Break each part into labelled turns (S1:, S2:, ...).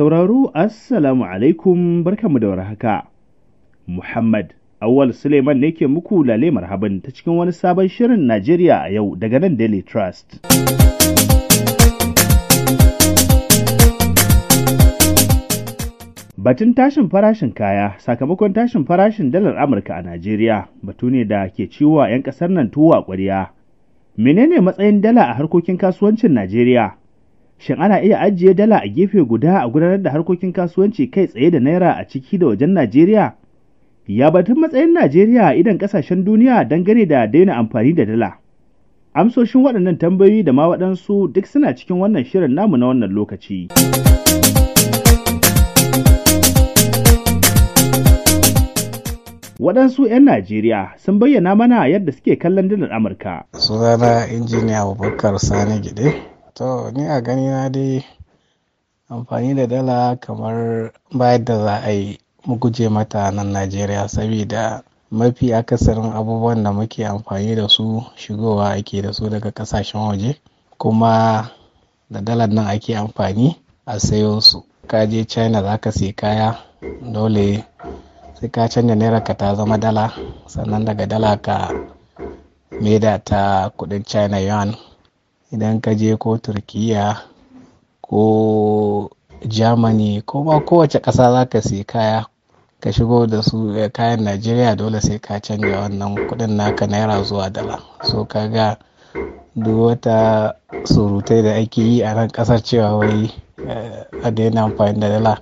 S1: sauraro Assalamu alaikum barkanmu da warhaka. Muhammad Awal Suleiman ne ke muku lale marhaban ta cikin wani sabon shirin Najeriya a yau daga nan Daily Trust. Batun tashin farashin kaya sakamakon tashin farashin dalar Amurka a Najeriya batu ne da ke ciwa 'yan ƙasar nan tuwa ƙwariya. Menene matsayin dala a harkokin kasuwancin Najeriya? Shin ana iya ajiye dala a gefe guda a gudanar da harkokin kasuwanci kai tsaye da naira a ciki da wajen Najeriya? Ya batun matsayin Najeriya idan kasashen duniya dangane da daina amfani da dala. Amsoshin waɗannan tambayoyi da ma waɗansu duk suna cikin wannan shirin namu na wannan lokaci. waɗansu 'yan Najeriya sun bayyana mana yadda suke kallon dalar Amurka.
S2: Sunana injiniya Abubakar Sani Gide. To ni a gani ganina dai amfani da dala kamar ba yadda za a yi mu guje mata nan Najeriya saboda mafi akasarin abubuwan da muke amfani da su shigowa ake da su daga kasashen waje kuma da dalar nan ake amfani a sayo su. kaje China za ka sai kaya dole sai ka canja naira ka ta zama dala sannan daga dala ka meda ta kuɗin China yuan. idan ka je ko turkiya ko germany ko ma kowace ƙasa za ka sai kaya ka shigo da su eh, kayan najeriya dole sai ka canja wannan kudin naka naira zuwa dala so ga duk wata surutai da ake yi a nan kasar cewa wai eh, a daina amfani da dala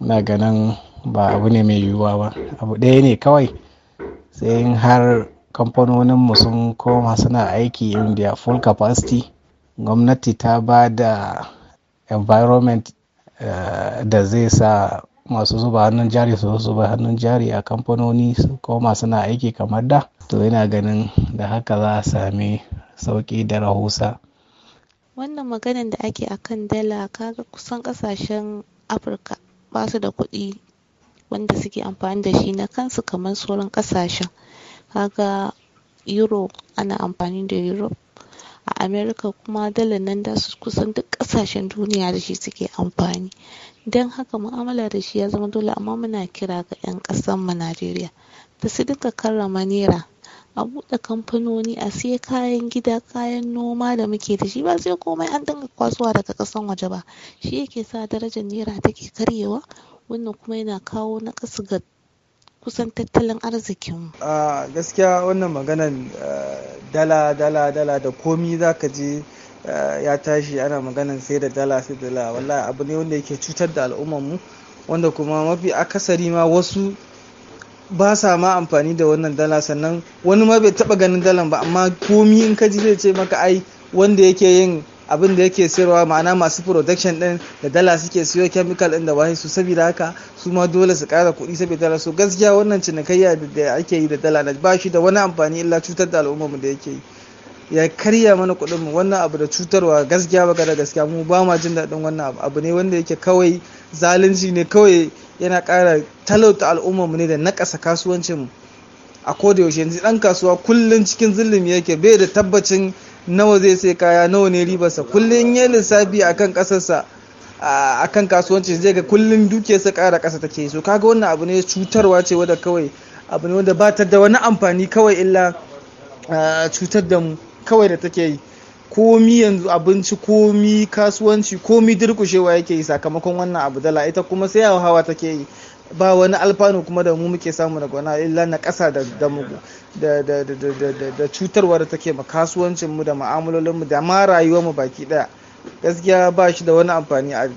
S2: na ganin ba abu ne mai yiwuwa ba abu ɗaya ne kawai sai har kamfanoninmu sun koma suna aiki in their full capacity gwamnati ta ba da environment eh, da zai sa masu zuba hannun jari su zuba hannun jari a kamfanoni su koma suna aiki kamar da to yana ganin da haka za a sami sauki da rahusa
S3: wannan maganin da ake a kan dala kaga kusan kasashen afirka ba su da kuɗi wanda suke amfani da shi na kansu kamar sauran kasashen Kaga Euro ana amfani da euro A America kuma dalar nan da su kusan duk ƙasashen duniya da shi suke amfani. Don haka mu'amala da shi ya zama dole amma muna kira ga 'yan kasan mu nigeria da su dinga karrama naira. A buɗe kamfanoni, a siya kayan gida, kayan noma da muke da shi ba sai komai an dinga kwasuwa daga ƙasan waje ba. Shi yake sa darajar naira take karyewa wannan kuma yana kawo naƙasu ga kusan tattalin arzikinmu. A gaskiya wannan maganan eh, dala dala dala da komi za ka je eh, ya tashi ana maganan sai da dala sai da dala wallahi abu ne wanda yake cutar da al'ummarmu wanda kuma mafi akasari ma wasu ba sa ma amfani da wannan dala sannan wani ma bai taba ganin dalan ba amma komi in ka ji zai ce maka ai wanda yake yin abin da yake sayarwa ma'ana masu production din da dala suke siyo chemical din da waye su saboda haka su ma dole su kara kuɗi saboda so gaskiya wannan cinikayya da ake yi da dala na ba shi da wani amfani illa cutar da al'umma mu da yake yi ya karya mana kuɗin mu wannan abu da cutarwa gaskiya baka da gaskiya mu ba ma jin daɗin wannan abu abu ne wanda yake kawai zalunci ne kawai yana ƙara talauta al'ummar mu ne da nakasa kasuwancin mu a koda yaushe yanzu dan kasuwa kullun cikin zulumi yake bai da tabbacin nawa zai sai kaya nawa ne ribarsa kullum ya lissafi a kan kasarsa a kan kasuwanci zai ga kullum dukiyarsa kara kasa take so kaga wannan abu ne cutarwa ce wadda kawai abu ne wanda ba ta da wani amfani kawai illa cutar da mu kawai da take yi komi yanzu abinci komi kasuwanci komi durkushewa yake yi sakamakon wannan abu dala ita kuma sai hawa take yi ba wani alfanu kuma da mu muke samu daga wani illa na kasa da da cutarwa da take ma kasuwancin mu da ma'amulolin mu da ma rayuwar mu baki daya gaskiya ba shi da wani amfani a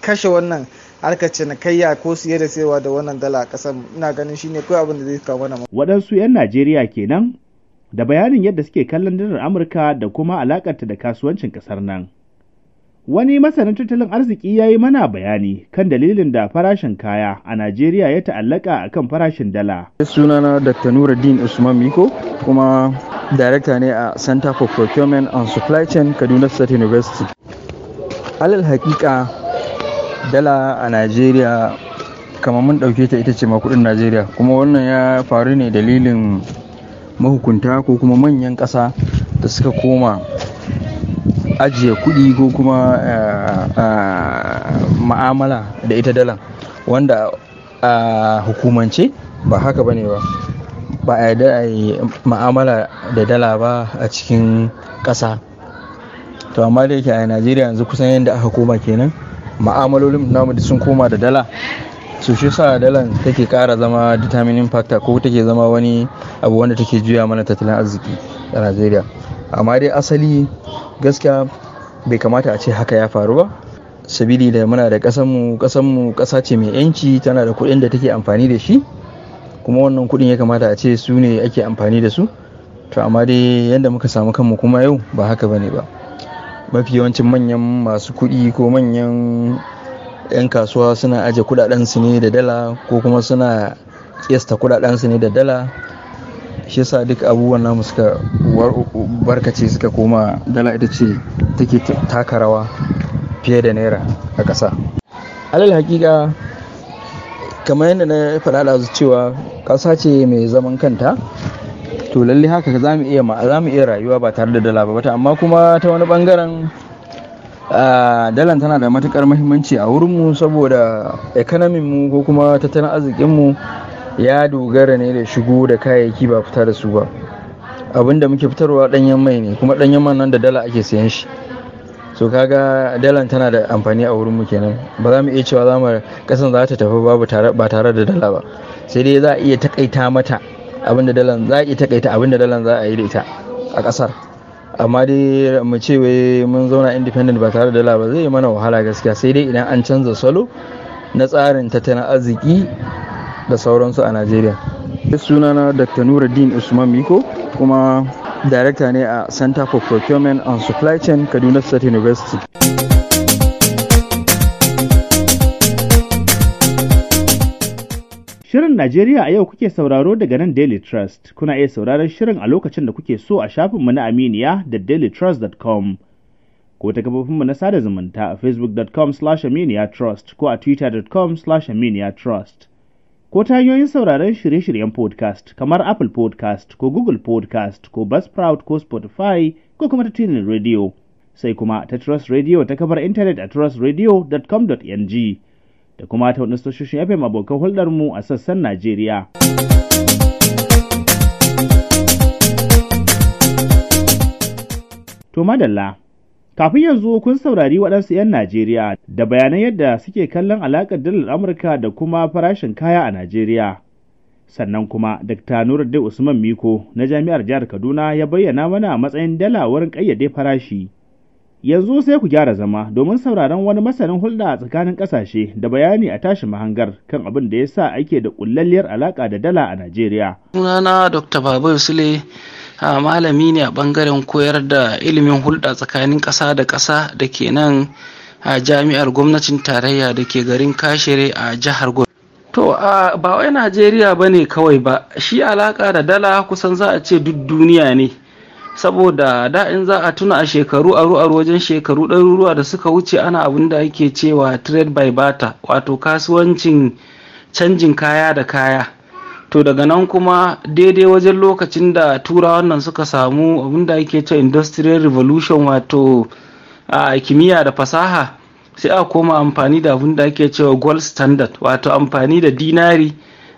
S3: kashe wannan harkace na kayya ko siye da sayarwa da wannan dala a
S1: ƙasar ina ganin shine kawai abin da zai kawo mana wadansu 'yan Najeriya kenan da bayanin yadda suke kallon dalar Amurka da kuma alakarta da kasuwancin ƙasar nan. Wani masanin tattalin arziki ya yi mana bayani kan dalilin da farashin kaya a Najeriya ya ta'allaka a kan farashin dala.
S4: Sunana Dr. Nuruddin Usman Miko kuma Darekta ne a Center for Procurement and Supply Chain Kaduna State University. Alal hakika dala a Najeriya kamar mun ɗauke ta ita ce makudin Najeriya kuma wannan ya faru ne dalilin mahukunta ko kuma manyan ƙasa da suka koma ajiye kuɗi ko kuma eh, eh, ma'amala da ita dalan wanda a hukumance ba haka bane ba ba a yarda a yi ma'amala da dala ba a cikin ƙasa to amma da yake a najeriya yanzu kusan yadda aka koma kenan ma'amalolin namu sun koma da dala su shi sa dalan take kara zama determining factor ko take zama wani abu wanda take juya mana tattalin arziki a najeriya amma dai asali gaskiya bai kamata a ce haka ya faru ba sabili da muna da ƙasanmu mu kasa ce mai yanci tana da kuɗin da take amfani da shi kuma wannan kuɗin ya kamata a ce su ne ake amfani da su to amma dai yadda muka samu kanmu kuma yau ba haka bane ba mafi yawancin manyan masu kuɗi ko manyan 'yan kasuwa suna aje kuɗaɗensu ne da dala ko kuma suna kesta su ne da dala shi yasa duk abubuwan namu suka barkace suka koma dala ita ce take taka rawa fiye da naira a ƙasa alal hakika kamar yadda na faɗa da cewa ƙasa ce mai zaman kanta to lalle haka za mu iya rayuwa ba tare da dala ba amma kuma ta wani bangaren dalan tana da matukar muhimmanci a wurinmu saboda ekonominmu mu ko kuma tattalin arzikinmu. ya dogara ne da shigo da kayayyaki ba fita da su ba abinda muke fitarwa danyen mai ne kuma danyen man nan da dala ake sayan shi so kaga dalan tana da amfani a wurin mu kenan ba za mu iya cewa za mu kasan za ta tafi babu ba tare da dala ba sai dai za a iya takaita mata abin dalan za a iya takaita abin dalan za a yi da ita a kasar amma dai mu ce wai mun zauna independent ba tare da dala ba zai mana wahala gaskiya sai dai idan an canza salo na tsarin tattalin arziki da sauransu a Najeriya. Sunana Dr. Nuruddin Usman Miko kuma Darekta ne a Center for Procurement and Supply Chain Kaduna State University.
S1: Shirin Najeriya a yau kuke sauraro daga nan Daily Trust. Kuna iya sauraron shirin a lokacin da kuke so a shafinmu na Aminiya da dailytrust.com ko ta kafofinmu na sada zumunta a facebook.com/aminiya trust ko a twitter.com/aminiya trust. ko ta hanyoyin sauraron shirye-shiryen podcast kamar Apple podcast ko Google podcast ko Buzzsprout ko Spotify ko kuma ta tunin radio. Sai kuma ta Trust Radio ta kafar intanet a trustradio.com.ng da kuma ta wani tashoshin FM abokan hulɗarmu a sassan Najeriya. To madalla. Kafin yanzu kun saurari waɗansu 'yan Najeriya da bayanan yadda suke kallon alaƙar dalar Amurka da kuma farashin kaya a Najeriya. Sannan kuma Dr. Nuruddin Usman Miko na Jami'ar Jihar Kaduna ya bayyana mana a matsayin dala wurin ƙayyade farashi. Yanzu sai ku gyara zama domin sauraron wani masanin hulɗa a tsakanin ƙasashe da bayani a tashi mahangar kan abin da ya sa ake da ƙullalliyar alaƙa da dala a Najeriya.
S5: Sunana Dr. Babu Sule A malami ne a ɓangaren koyar da ilimin hulɗa tsakanin ƙasa da ƙasa da ke nan a jami'ar gwamnatin tarayya da ke garin Kashere a jihar Gombe. To a ba wai Najeriya ba ne kawai ba, shi alaƙa da dala kusan za a ce duk duniya ne. Saboda da in za a tuna a shekaru aru aru wajen shekaru ɗaruruwa da suka wuce ana abin da ake cewa trade by barter wato kasuwancin canjin kaya da kaya. to daga nan kuma daidai wajen lokacin da turawan nan suka samu abinda ake ce industrial revolution wato a kimiyya da fasaha sai a koma amfani da abin ake cewa gold standard wato amfani da dinari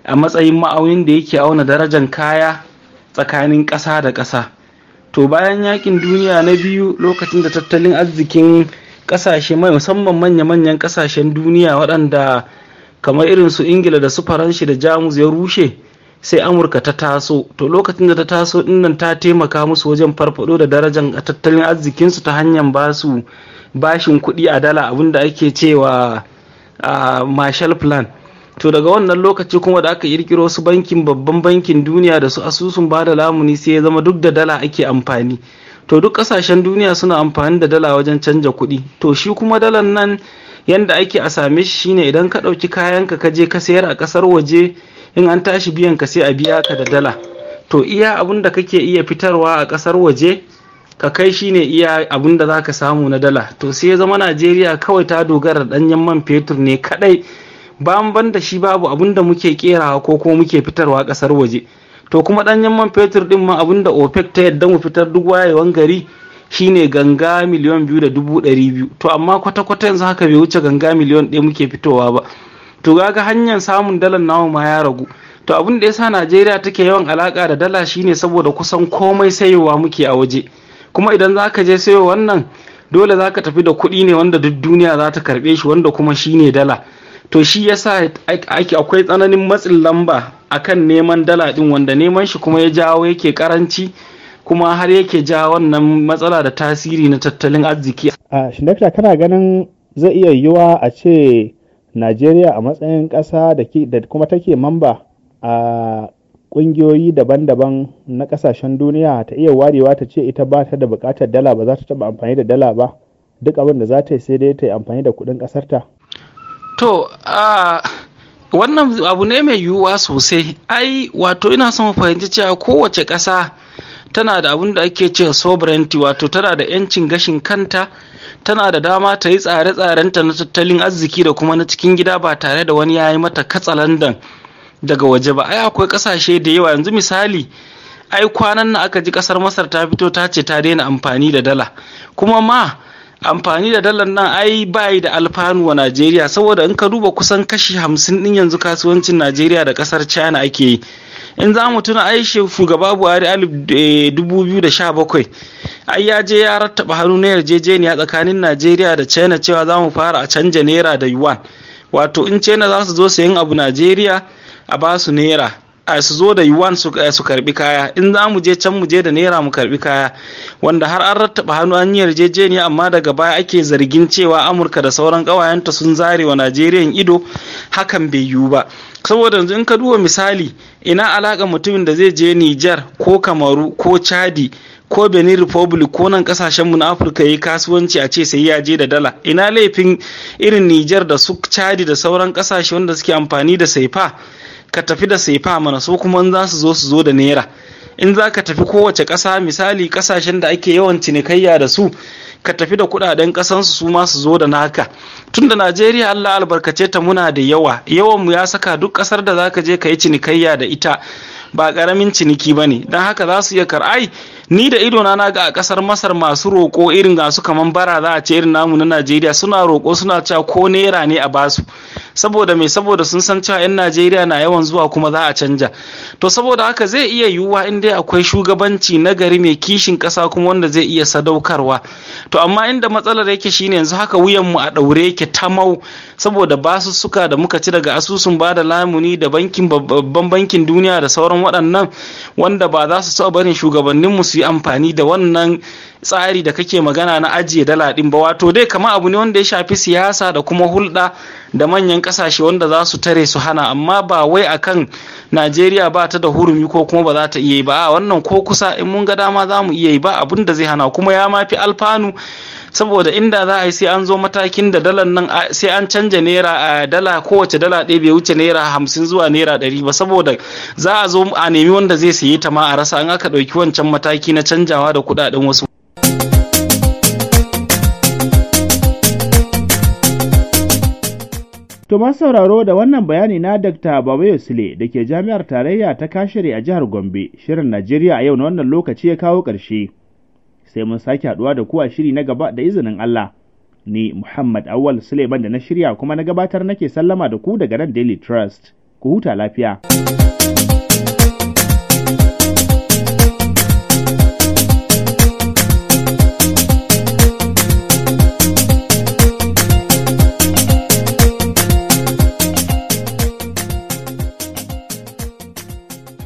S5: a matsayin ma'aunin da yake auna darajar kaya tsakanin ƙasa da ƙasa to bayan yakin duniya na biyu lokacin da tattalin arzikin ƙasashe musamman manya-manyan ƙasashen duniya waɗanda kamar irin su ingila da su faranshi da jamus ya rushe sai amurka ta taso to lokacin da ta taso dinnan ta taimaka musu wajen farfado da darajar tattalin arzikinsu ta hanyar basu bashin kuɗi a dala abinda ake cewa a marshall plan to daga wannan lokaci kuma da aka kirkiro su bankin babban bankin duniya da su asusun ba da lamuni sai ya zama duk da dala ake amfani to duk kasashen duniya suna amfani da dala wajen canja kuɗi to shi kuma dalan nan yanda ake a same shi shine idan ka ɗauki kayanka ka je ka sayar a ƙasar waje in an tashi biyan ka sai a biya ka da dala to iya abin da kake iya fitarwa a ƙasar waje ka kai shine iya abin da zaka samu na dala to sai ya zama najeriya kawai ta dogara ɗanyen man fetur ne kaɗai ban da shi babu abin da muke kerawa ko kuma muke fitarwa ƙasar waje to kuma ɗanyen man fetur ɗin ma abin da opec ta yadda mu fitar duk wayewan gari shine ganga miliyan biyu da dubu ɗari biyu to amma kwata-kwata yanzu haka bai wuce ganga miliyan ɗaya muke fitowa ba to ga hanyar samun dalar namu ma ya ragu to abin da yasa najeriya take yawan alaka da dala shine saboda kusan komai sayowa muke a waje kuma idan za ka je sayo wannan dole za ka tafi da kuɗi ne wanda duk duniya za ta karɓe shi wanda kuma shine dala to shi yasa akwai tsananin matsin lamba akan neman dala ɗin wanda neman shi kuma ya jawo yake karanci kuma har yake ja wannan matsala da tasiri na tattalin arziki.
S1: A shindakta kana ganin zai iya yiwuwa a ce Najeriya a matsayin ƙasa da kuma take mamba a ƙungiyoyi daban-daban na ƙasashen duniya ta iya warewa ta ce ita ba ta da buƙatar dala ba za ta taɓa amfani da dala ba duk abin da za ta yi sai dai ta yi amfani da kuɗin ƙasarta.
S5: To, wannan abu ne mai yiwuwa sosai ai wato ina son fahimci cewa kowace ƙasa tana da abin da ake ce sovereignty wato tana da yancin gashin kanta tana da dama ta yi tsare-tsarenta na tattalin arziki da kuma na cikin gida ba tare da wani ya yi mata katsalandan daga waje ba ai akwai kasashe da yawa yanzu misali ai kwanan na aka ji kasar masar ta fito ta ce ta daina amfani da dala kuma ma amfani da dalar nan ai bayi da alfanu wa najeriya saboda in ka duba kusan kashi hamsin din yanzu kasuwancin najeriya da kasar china ake yi in za mu tuna ai shugaba buhari alif 2017, eh, ai ya je ya rattaba hannu na yarjejeniya tsakanin najeriya da china cewa za mu fara a canja naira da yuan wato in china za su zo sayan abu najeriya a basu naira A su zo da yuwan eh, su karbi kaya in za mu je can mu je da naira mu karbi kaya wanda har an rattaba hannu an yi yarjejeniya amma daga baya ake zargin cewa amurka da sauran ƙawayenta sun zare wa Najeriya ido hakan bai yiwu ba saboda yanzu in ka duba misali ina alaƙa mutumin da zai je niger ko kamaru ko chadi ko benin republic ko nan kasashen mu na afirka yi kasuwanci a ce sai ya je da dala ina laifin irin niger da su chadi da sauran kasashe wanda suke amfani da saifa ka tafi da sefa mana so kuma in za su zo su zo da naira in za ka tafi kowace ƙasa misali ƙasashen da ake yawan cinikayya da su ka tafi da kuɗaɗen ƙasansu su ma su zo da naka tun da najeriya allah albarkace ta muna da yawa yawanmu ya saka duk ƙasar da za ka je ka yi cinikayya da ita ba ƙaramin ciniki ba ne don haka za su iya kar'ai ni da ido na ga a kasar masar masu roƙo irin gasu kamar bara za a ce irin namu na najeriya suna roƙo suna cewa ko naira ne a basu saboda mai saboda sun san cewa 'yan najeriya na yawan zuwa kuma za a canja to saboda haka zai iya yiwuwa in dai akwai shugabanci na gari mai kishin kasa kuma wanda zai iya sadaukarwa to amma inda matsalar yake shine yanzu haka wuyanmu a ɗaure yake tamau saboda Basu suka da muka ci daga asusun ba da lamuni da bankin babban bankin duniya da sauran waɗannan wanda ba za su so barin shugabanninmu su yi amfani da wannan tsari da kake magana na ajiye dala ɗin ba wato dai kama abu ne wanda ya shafi siyasa da kuma hulɗa da manyan ƙasashe wanda za su tare su hana amma ba wai a kan najeriya ba ta da hurumi ko kuma ba za ta iya yi ba wannan ko kusa in mun ga dama za mu iya yi ba abin da zai hana kuma ya mafi alfanu saboda inda za a yi sai an zo matakin da dalar nan sai an canja naira a dala kowace dala ɗaya bai wuce naira hamsin zuwa naira ɗari ba saboda za a zo a nemi wanda zai sayi ta ma a rasa an aka ɗauki wancan mataki na canjawa da kuɗaɗen wasu
S1: To masu sauraro da wannan bayani na Dr. baba Yosile da ke Jami'ar Tarayya ta Kashiri a jihar Gombe, shirin Najeriya a yau na wannan lokaci ya kawo ƙarshe. sai mun sake haduwa da ku a shiri na gaba da izinin Allah. Ni Muhammad Awal Suleiman da na shirya kuma na gabatar nake sallama da ku daga nan Daily Trust. Ku huta lafiya.